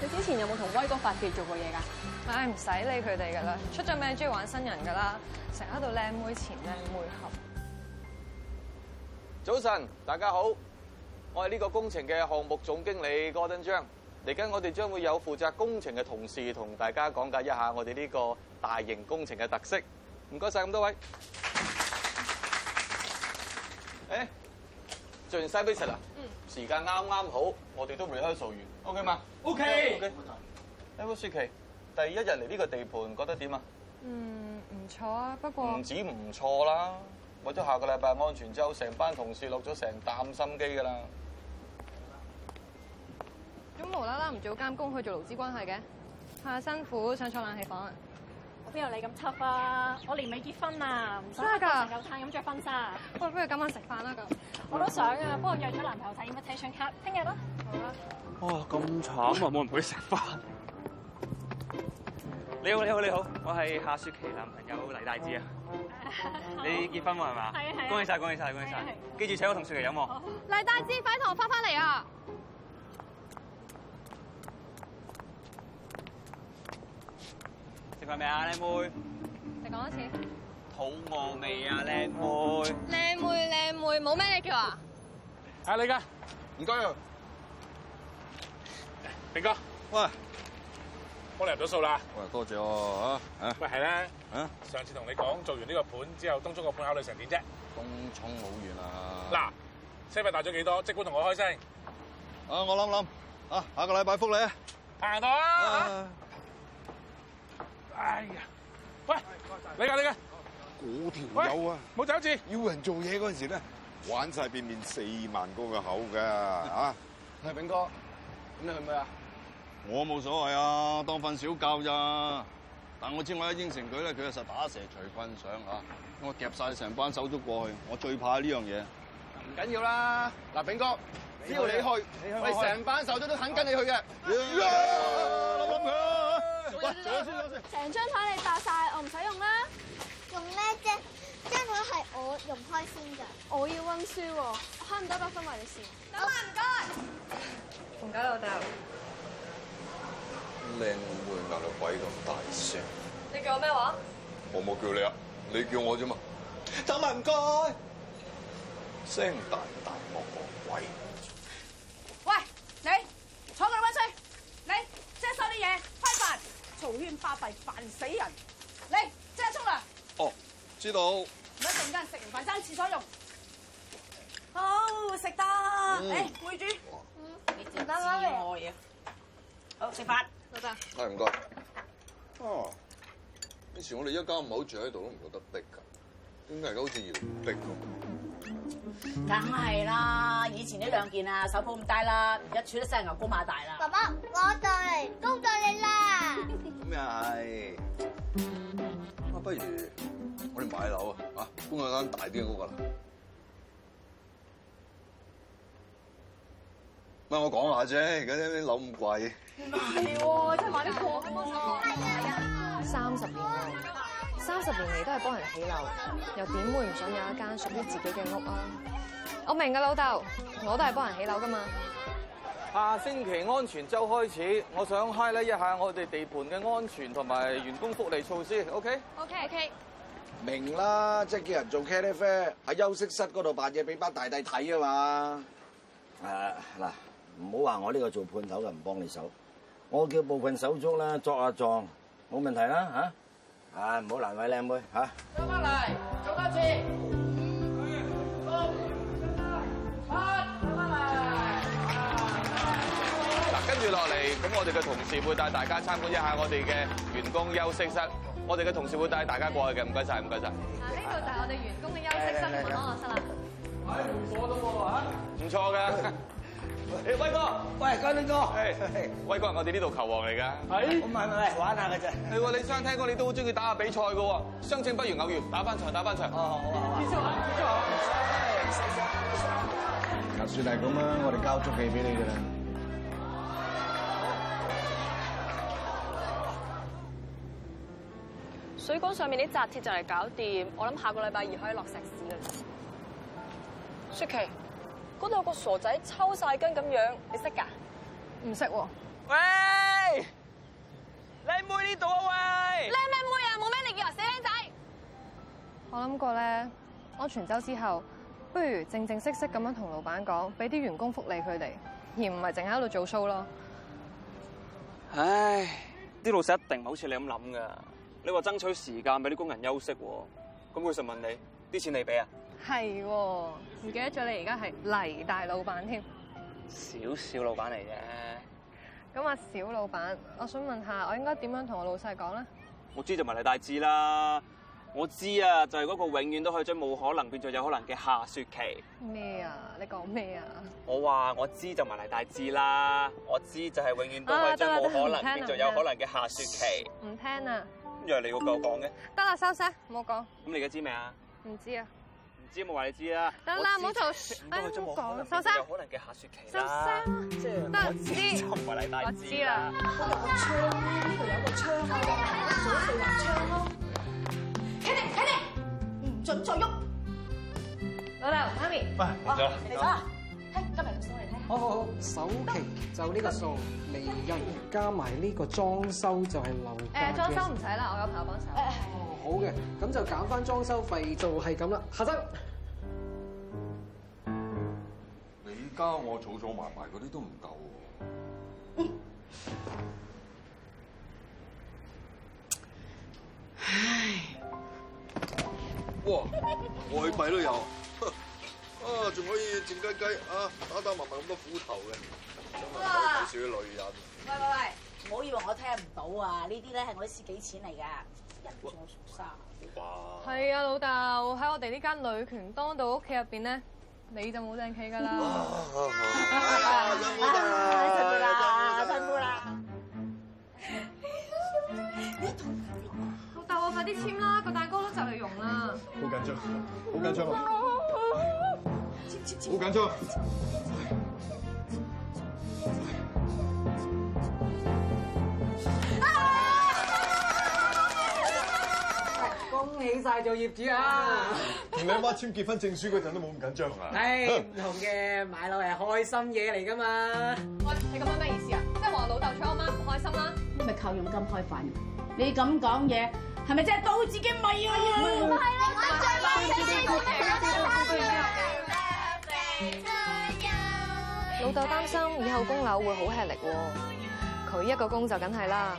你之前有冇同威哥發結做過嘢噶？唉，唔使理佢哋噶啦，出咗名中意玩新人噶啦，成日喺度靚妹前靚妹後。早晨，大家好，我係呢個工程嘅項目總經理郭登章。嚟緊我哋將會有負責工程嘅同事同大家講解一下我哋呢個大型工程嘅特色。唔該晒咁多位。誒、嗯，做完西貝食啦。時間啱啱好，我哋都未開數完，OK 嗎？OK。OK 嗎。雪琪，第一日嚟呢個地盤，覺得點啊？嗯，唔錯啊，不過唔止唔錯啦，為咗下個禮拜安全周，之後成班同事落咗成擔心機㗎啦。咁無啦啦唔做監工去做勞資關係嘅，怕辛苦，想坐冷氣房。我邊有你咁執啊！我連未結婚啊，唔使㗎！食牛餐咁着婚紗，啊，不如不如今晚食飯啦咁。我都想啊，不過約咗男朋友睇 invitation card，聽日咯。好啊。哇、哦，咁慘啊！冇人陪你食飯。你好，你好，你好，我係夏雪琪男朋友黎大志啊。好你結婚喎係嘛？係 啊係啊。恭喜晒！恭喜晒！恭喜晒！記住請我同雪琪飲喎。好黎大志，快同我翻返嚟啊！食飯未啊，靚妹？你講多次。肚餓未啊，靚妹？靚妹靚妹，冇咩你叫啊？阿李家，唔該。炳哥。喂，我嚟入咗數啦。喂，多謝我啊。啊。喂，係咧。啊。上次同你講，做完呢個盤之後，東涌個盤考慮成點啫？東涌好遠啊。嗱，車費大咗幾多？即管同我開聲。啊，我諗諗。啊，下個禮拜覆你啊。行到啊。哎呀！喂，謝謝你嘅你嘅嗰條友啊，冇走字，要人做嘢嗰陣時咧，玩晒變面四萬個嘅口噶啊，係，炳哥，咁你去唔去啊？我冇所謂啊，當瞓小覺咋。但我知我一應承佢咧，佢就實打蛇隨棍上吓。我夾晒成班手足過去，我最怕呢樣嘢。唔緊要啦，嗱，炳哥，只要開你去，咪成開班手足都肯跟你去嘅。成張台你炸晒，我唔使用啦。用咩啫？即張台係我用開先噶。我要溫書喎，慳唔多百分位事。等埋唔該，唔該老豆。靚妹會鬧到鬼咁大聲？你叫我咩話？我冇叫你啊，你叫我啫嘛。等埋唔該，聲大大惡惡鬼。胡圈巴閉煩死人，嚟即刻沖涼。哦，知道。唔一陣間食完飯爭廁所用，好食得。哎，杯豬、嗯，嗯，你靜啲啦。不你好食飯。老豆飯。係唔該。哦，以前我哋一家五口住喺度都唔覺得逼㗎，點解而家好似要逼㗎？梗係啦，以前呢兩件啊，手捧咁低啦，而家出得使牛高馬大啦。爸爸，我哋供到你啦！咁又係 啊？不如我哋買樓啊？啊，搬去間大啲嘅屋啊！唔係我講下啫，而家啲樓咁貴。唔係喎，真係買得過，三十年，三十年嚟都係幫人起樓，又點會唔想有一間屬於自己嘅屋啊？我明嘅老豆，我都係幫人起樓噶嘛。下星期安全周開始，我想 highlight 一下我哋地盤嘅安全同埋員工福利措施，OK？OK OK？OK, OK。明啦，即、就、係、是、叫人做茄哩啡喺休息室嗰度扮嘢俾班大弟睇啊嘛。誒嗱，唔好話我呢個做判頭嘅唔幫你手，我叫部分手足啦作下、啊、狀，冇問題啦吓。啊啊，唔好難為靚妹吓。收翻嚟，做多次。一、二、三、四、五、六、七，收翻嚟。嗱，跟住落嚟，咁我哋嘅同事會帶大家參觀一下我哋嘅員工休息室。好我哋嘅同事會帶大家過去嘅，唔該晒，唔該晒。嗱，呢度就係我哋員工嘅休息室同埋歡樂室啦。哎，唔錯都喎吓，唔錯噶。威哥，喂，嘉丁哥，威哥係我哋呢度球王嚟噶，係，唔係唔係玩下嘅啫，係喎，你想聽歌你都好中意打下比賽嘅喎，相敬不如偶遇，打翻場打翻場，哦好好，好好，好，好。呢場，嗱，算係咁啦，我哋交足戲俾你噶啦。水缸上面啲扎鐵就嚟搞掂，我諗下個禮拜二可以落石屎啦。雪琪。嗰度有個傻仔抽晒筋咁樣，你識㗎？唔識喎。喂，靚妹呢度啊喂！靚唔靚妹啊？冇咩你叫啊死靚仔！我諗過咧，安全周之後，不如正正式式咁樣同老闆講，俾啲員工福利佢哋，而唔係淨係喺度做 show 咯。唉，啲老細一定唔好似你咁諗噶。你話爭取時間俾啲工人休息喎，咁佢就問你啲錢你俾啊？係喎，唔記得咗你而家係黎大老闆添，小小老闆嚟啫。咁啊，小老闆，我想問下，我應該點樣同我老細講咧？我知就埋嚟大志啦，我知啊，就係嗰個永遠都可以將冇可能變做有可能嘅夏雪琪。咩啊？你講咩啊？我話我知就埋嚟大志啦，我知就係永遠都可以將冇可能變做有可能嘅夏雪琪。唔聽啊！若你會夠講嘅，得啦，收聲，唔好講。咁你而家知未啊？唔知啊。知冇話你知啦，得啦唔好做，唔好講，收聲，收聲，即係唔知，就唔係黎大志啦。窗呢度有個窗開嘅，我做一地窗咯。企定，企定，唔准再喐。老豆，媽咪，唔係嚟咗，嚟咗，嘿，今日嘅數嚟睇。好好好，首期就呢個數，利潤加埋呢個裝修就係樓。誒，裝修唔使啦，我有朋友幫手。好嘅，咁就減翻裝修費，就係咁啦。下集你加我儲儲埋埋嗰啲都唔夠、啊、 唉，哇，外幣都有，啊，仲可以靜雞雞啊，打打埋埋咁多斧頭嘅，多哥少女人？喂喂喂，唔好以為我聽唔到啊！呢啲咧係我啲私己錢嚟噶。一熟係啊，老豆喺我哋呢間女權當道屋企入面咧，你就冇正企㗎啦。辛苦啦，老豆啊，快啲簽啦，個蛋糕都就嚟溶啦。好緊張，好緊張，好緊張。爸爸起晒做業主啊！同你阿媽簽結婚證書嗰陣都冇咁緊張啊！誒，唔同嘅，買樓係開心嘢嚟㗎嘛？你咁樣咩意思啊？即係話老豆娶我媽唔開心啦？咪靠佣金開飯？你咁講嘢，係咪即係倒自己嘅米啊？唔係老豆擔心以後供樓會好吃力喎，佢一個供就梗係啦。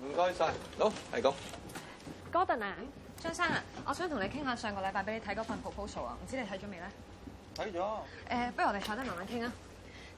唔該晒，好係咁。Gordon 啊，張生啊，我想同你傾下上個禮拜俾你睇嗰份 proposal 啊，唔知你睇咗未咧？睇咗了。誒、呃，不如我哋坐低慢慢傾啊。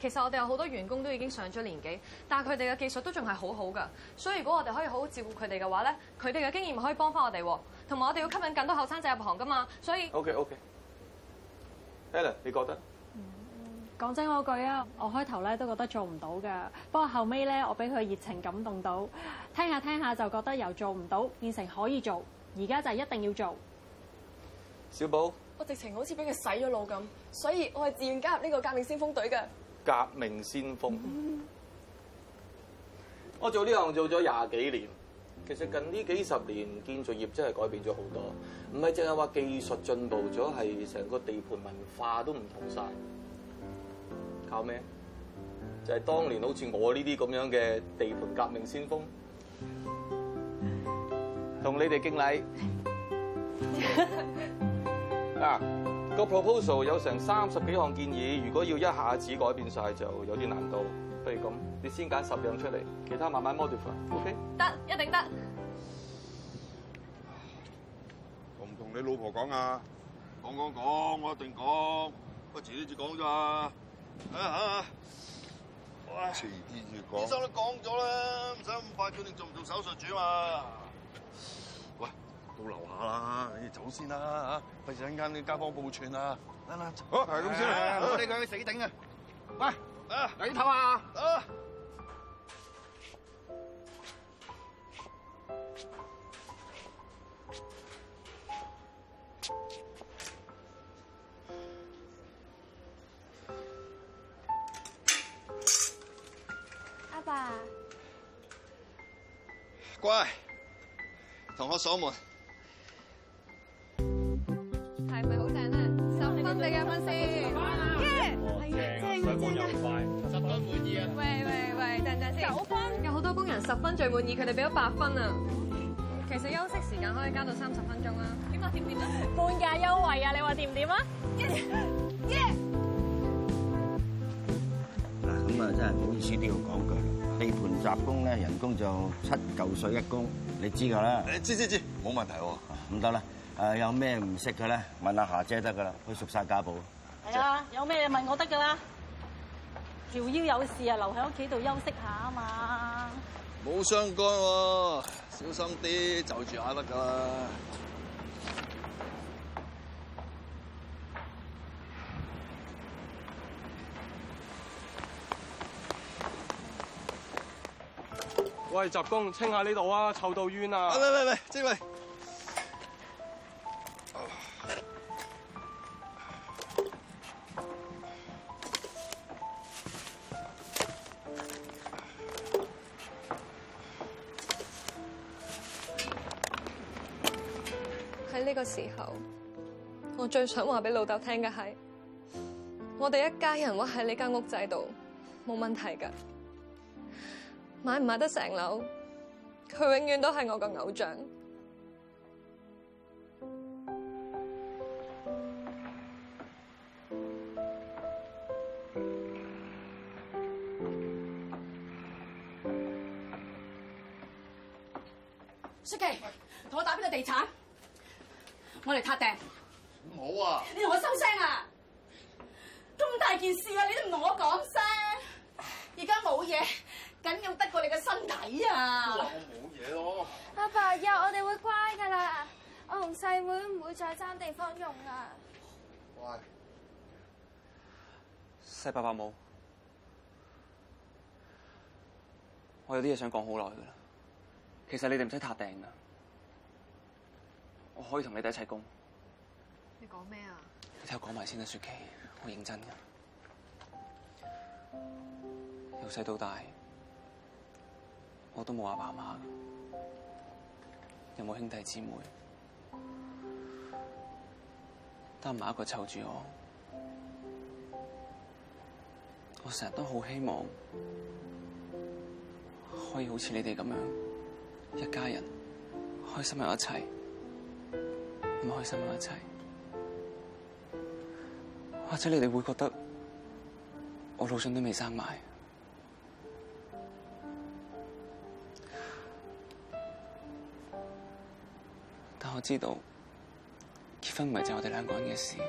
其實我哋有好多員工都已經上咗年紀，但係佢哋嘅技術都仲係好好㗎，所以如果我哋可以好好照顧佢哋嘅話咧，佢哋嘅經驗可以幫返我哋喎。同埋我哋要吸引更多後生仔入行噶嘛，所以 OK OK，Allen，你覺得？講真嗰句啊，我開頭咧都覺得做唔到噶，不過後尾咧我俾佢熱情感動到，聽下聽下就覺得由做唔到變成可以做，而家就係一定要做。小寶，我直情好似俾佢洗咗腦咁，所以我係自願加入呢個革命先鋒隊嘅革命先鋒。我做呢行做咗廿幾年。其實近呢幾十年建築業真係改變咗好多，唔係淨係話技術進步咗，係成個地盤文化都唔同曬。靠咩？就係、是、當年好似我呢啲咁樣嘅地盤革命先鋒，同你哋敬禮。 啊，個 proposal 有成三十幾項建議，如果要一下子改變曬就有啲難度，不如咁。你先揀十樣出嚟，其他慢慢 modify。OK，得，一定得。同唔同你老婆講啊？講講講，我一定講。不遲啲至講咋？啊嚇！遲啲至講。醫生都講咗啦，唔使咁快決定做唔做手術住嘛。喂，到樓下啦，你走先啦嚇，費事一陣間啲街坊報串啊。啱好，係咁先。我哋去死頂啊！喂，啊，頭啊。爸，乖，同學鎖門，係咪好正啊，十分，你一分先，耶 Yeah,，十分滿意啊！喂喂喂，等陣先，九分，有好多工人十分最滿意，佢哋俾咗八分啊！其實休息時間可以加到三十分鐘啦，點解點變半價優惠啊？你話點唔點啊？耶耶，嗱，咁啊，真係唔好意思，都要講句。地盤雜工咧，人工就七嚿水一工，你知噶啦。知知知，冇問題喎、啊。咁得啦，誒有咩唔識嘅咧，問阿霞姐得噶啦，佢熟晒㗎噃。係啊，姐 有咩問我得噶啦？條腰有事啊，留喺屋企度休息下啊嘛。冇相干喎，小心啲就住下得噶啦。集工清下呢度啊！臭到冤啊！喂喂喂，精位喺呢個時候，我最想話俾老豆聽嘅係，我哋一家人屈喺呢間屋仔度，冇問題噶。買唔買得成樓？佢永遠都係我個偶像。雪琪淇，同喂我打邊個地產，我嚟撻訂。唔好啊！你同我收聲啊！咁大件事啊，你都唔同我講聲，而家冇嘢。緊要得過你個身體啊爸爸！我冇嘢咯。阿爸呀，我哋會乖噶啦。我同細妹唔會再爭地方用啊。乖！細爸爸冇，我有啲嘢想講好耐噶啦。其實你哋唔使塔定啊！我可以同你哋一齊供。你講咩啊？你聽我講埋先啦，雪琪，好認真噶。由細到大，我都冇阿爸阿媽，又冇兄弟姐妹，得阿嫲一個湊住我。我成日都好希望可以好似你哋咁樣，一家人開心又一齊，唔開心又一齊，或者你哋會覺得我腦囟都未生埋。知道結婚唔係就我哋兩個人嘅事，係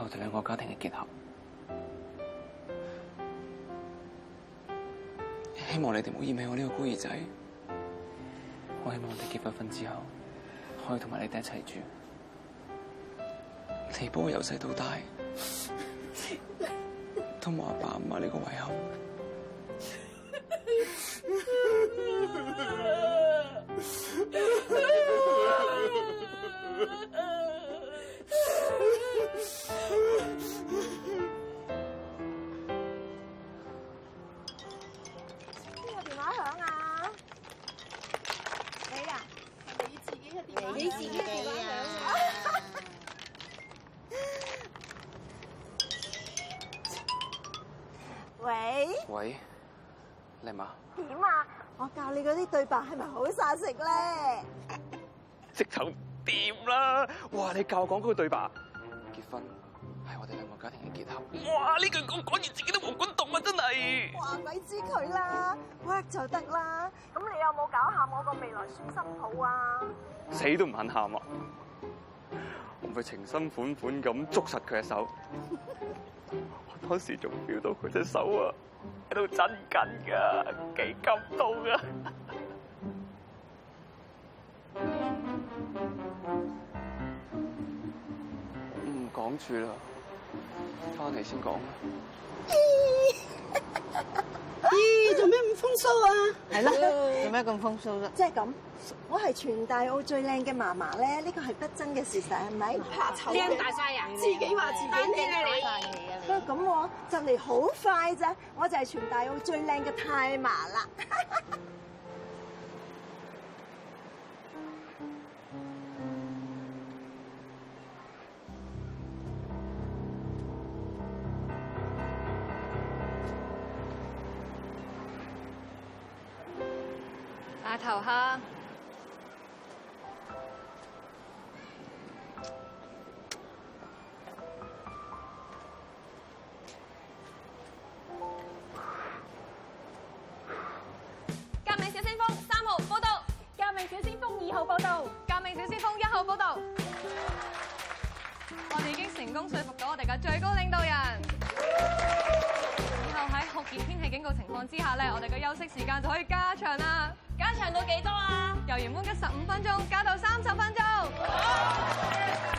我哋兩個家庭嘅結合。希望你哋唔好嫌棄我呢個孤兒仔。我希望我哋結咗婚之後，可以同埋你哋一齊住。你幫我由細到大，都冇阿爸阿媽呢個胃口。 邊個電話響啊！你啊，你自己個電話響啊！喂，喂，喂，麗媽？點啊？我教你嗰啲對白係咪好晒食咧？直頭掂啦！哇，你教我講嗰個對白，結婚係我哋兩個家庭嘅結合。哇，呢句講講完自己都毛管戙啊！真係。話鬼知佢啦，work 就得啦。咁你有冇搞喊我個未來孫心抱啊？死都唔肯喊啊！我唔會情深款款咁捉實佢隻手， 我當時仲 feel 到佢隻手啊！都真緊㗎，幾激動㗎！唔講住啦，翻嚟先講。咦，做咩咁風騷啊？係咯、啊，做咩咁風騷咧？即係咁，我係全大澳最靚嘅嫲嫲咧，呢個係不爭嘅事實，係咪？怕醜嘅靚大晒人，自己話自己靚大曬嘢啊！不過咁，就嚟好快咋，我就係全大澳最靚嘅太嫲啦。 革命小先鋒三號報道，革命小先鋒二號報道，革命小先鋒一號報道。報道我哋已經成功說服到我哋嘅最高領導人。以 後喺酷熱天氣警告情況之下呢，我哋嘅休息時間就可以加長啦。唱到幾多啊？由原本嘅十五分鐘，加到三十分鐘。啊、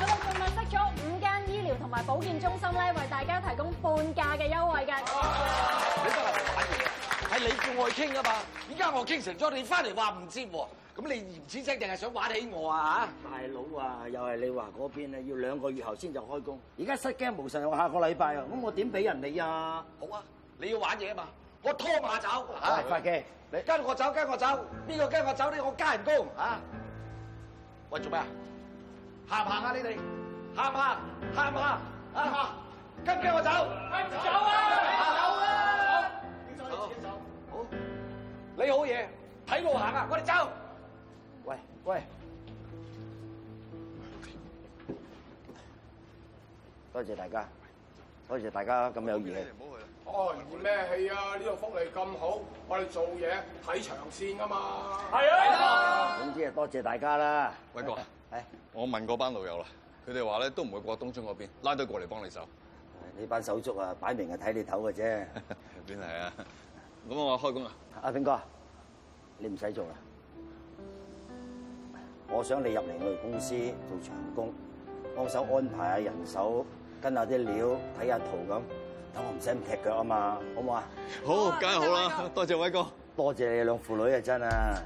好，我哋仲問得咗五間醫療同埋保健中心咧，為大家提供半價嘅優惠嘅。好、啊，係你，你叫我去傾啊嘛？而家我傾成咗，你翻嚟話唔知喎，咁你唔知啫定係想玩起我啊？吓，大佬啊，又係你話嗰邊咧，要兩個月後先就開工，而家失驚無神我下個禮拜啊，咁我點俾人你啊？好啊，你要玩嘢啊嘛。我拖馬走，阿發機，你跟我走，跟我走，邊個跟我走咧？我加人工，吓喂，做咩啊？喊唔喊啊？你哋喊唔喊？喊唔喊？喊唔喊？跟唔跟我走？走啊！走啊！好，你好嘢，睇路行啊！我哋走，喂喂，多謝大家。多謝大家咁有義氣！唔好去，去哦，哎，咩戲啊？呢度福利咁好，我哋做嘢睇長線噶嘛！係啊！總之係多謝大家啦，威哥。誒、哎，我問嗰班老友啦，佢哋話咧都唔會過東涌嗰邊，拉隊過嚟幫你手。呢班手足啊，擺明係睇你頭嘅啫。邊係 啊？咁我開工啦！阿炳哥，你唔使做啦，我想你入嚟我哋公司做長工，幫手安排下人手。跟下啲料，睇下圖咁，等我唔使咁踢腳啊嘛，好唔好啊？好，梗係好啦，多謝偉哥，多謝偉哥，多謝你兩父女啊真啊！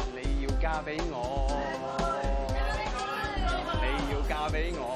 你要嫁俾我，亮你要嫁俾我。亮